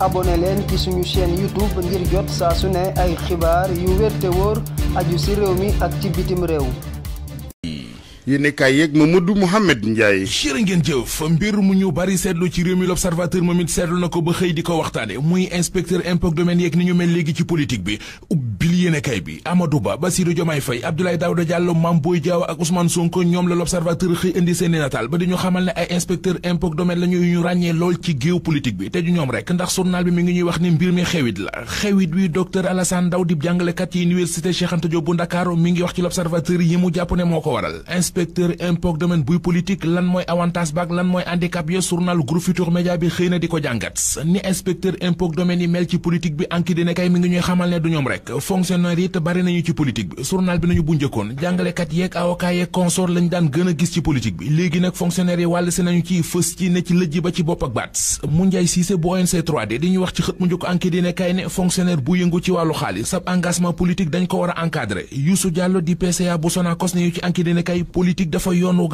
abonné leen ci suñu chaîne YouTube ngir jot saa su ne ay xibaar yu wér te wóor aju ci réew mi ak ci bitim réew. yéenekaay yeeg Mamadou Mouhamed Ndiaye jërë ngeen jëf mbir mu ñu bari seetlu ci réew mi l'observateur moom it seetlu na ko ba xëy di ko waxtaane muy inspecteur impôts domaines yeeg ni ñu mel léegi ci politique bi yéenekaay bi Amadou Ba Bassirou Diomaye Faye Abdoulaye Daouda Diallo Mame Boye Diao ak Ousmane Sonko ñoom la l'Observateur xëy indi seeni nataal ba di ñu xamal ne ay inspecteur impôt domaine la ñu ñu ràññee lool ci géopolitique bi te du ñoom rek ndax journal bi mi ngi ñuy wax ne mbir mi xewit la xewit wi docteur Alassane Ndaw di jàngalekat ci université Cheikh Anta Ndakaaru mi ngi wax ci l'Observateur yi mu jàpp ne moo ko waral inspecteur impôt domaine fonctionnaire yi te bari nañu ci politique bi journal bi nañu bu njëkkoon jàngalekat yeeg avocat yeeg consort daan gën gis ci politique bi léegi nag fonctionnaire yi wàll si nañu ci fës ci ne ci lëjji ba ci bopp ak mu njaay siise bu ONC 3D dañuy wax ci xët mu njëkk enquête yi ne ne fonctionnaire bu yëngu ci wàllu xaalis sab engagement politique dañ ko war a encadré Youssou di PCA bu Sonacos ne yu ci enquête yi ne kay dafa yoonu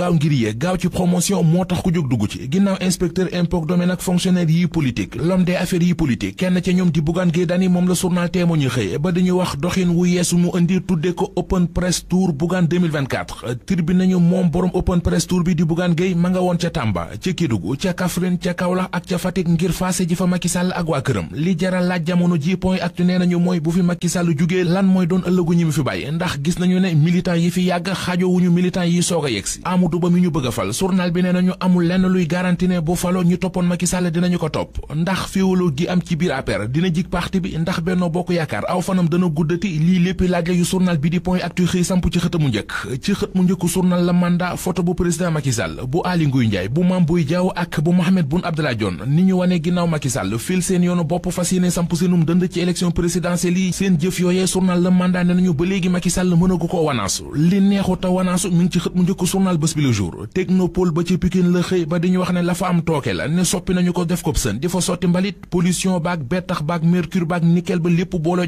doxin wu yees mu indi tuddee ko open press tour Bougane 2024 tribune nañu moom borom open press tour bi di Bougane Gueye ma nga woon ca Tamba ca Kédougou ca Kaffrine ca Kaolack ak ca Fatick ngir faase ji fa Macky Sall ak waa këram li jaral laaj jamono ji point ak nee nañu mooy bu fi Macky Sall jugee lan mooy doon ëllëgu mu fi bàyyi ndax gis nañu ne militant yi fi yàgg xajoowuñu militant yi soog a yegsi Amadou Ba mi ñu bëgg a fal journal bi nee nañu amul lenn luy garanti ne bu falo ñu toppoon Macky Sall dinañu ko topp ndax féewaloo gi am ci biir APR dina jik parti bi ndax Benno Bokk Yaakaar aw fanam tërati lii lépp laaj yu journal bi di point actu xëy samp ci xët njëkk ci xët mu njëkk la mandat photo bu président Macky bu Aly Ngouille Ndiaye bu Mame Boye Diao ak bu Mahammed Boun Abdallah Dionne ni ñu wanee ginnaaw Macky fil seen yoonu bopp fas yéene samp seenum dënd ci élection présidentielle yi seen jëf yooyee journal la mandat ne nañu ba léegi Macky Sall mënagu ko wanaasu li neexu te wanaasu mi ci xët mu njëkk bés bi la xëy ba di ñu ba lépp booloo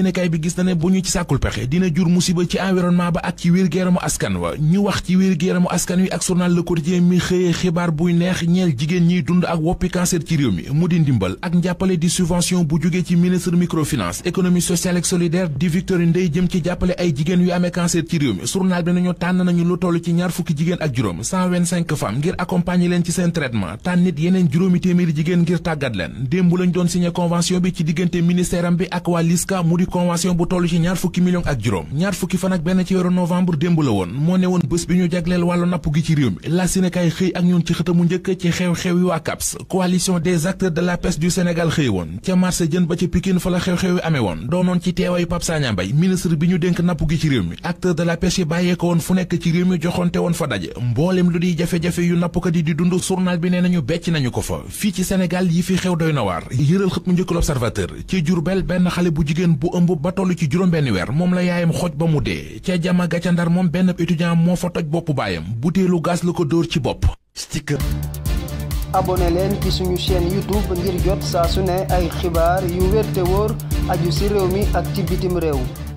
yéenekaay bi gis na ne bu ñu ci sàkkul pexe dina jur musiba ci environnement ba ak ci wér gu askan wa ñu wax ci wér gu askan wi ak journal Le Quotidien mi xëyee xibaar buy neex ñeel jigéen ñiy dund ak woppi cancer ci réew mi mu di ndimbal ak njàppale di subvention bu jóge ci ministre microfinance économie sociale et solidaire di Victorine Ndeye jëm ci jàppale ay jigéen yu amee cancer ci réew mi journal bi nañu tànn lu toll ci ñaar fukki jigéen ak juróom 125 femmes ngir accompagner leen ci seen traitement tànn nit yeneen juróomi téeméeri jigéen ngir tàggat leen démb lañ doon bi ci diggante ministère am ak waa LISCA mu di convention bu toll ci ñaar fukki millions ak juróom ñaar fukki fan ak benn ci weeru novembre démb la woon moo ne woon bés bi ñu jagleel wàllu napp gi ci réew mi la xëy ak ñun ci xëtamu njëkk ci xew-xew yi waa CAPS coalition des acteurs de la pêche du Sénégal xëy woon ca marché jën ba ca Pikine fa la xew-xew yi amee woon doonoon ci teewaayu Pape Sagna Mbaye ministre bi ñu dénk napp gi ci réew mi acteur de la pêche yi bàyyee ko woon fu nekk ci réew mi joxonte woon fa yi di dund journal bi nee nañu becc nañu ko fa fii ci Sénégal yi fi xew doy na waar yëral xët mu njëkk l'observateur ci Jurbel benn xale bu jigéen bu ëmb ba toll ci juróom-benn weer moom la yaayam xoj ba mu dee ca jama ca ndar moom benn étudiant moo fa toj boppu baayam butéelu gaz la ko dóor ci bopp ci suñu chaîne youtube ngir jot saa su ne ay xibaar yu wér te wóor aju ci réew mi ak ci bitim réew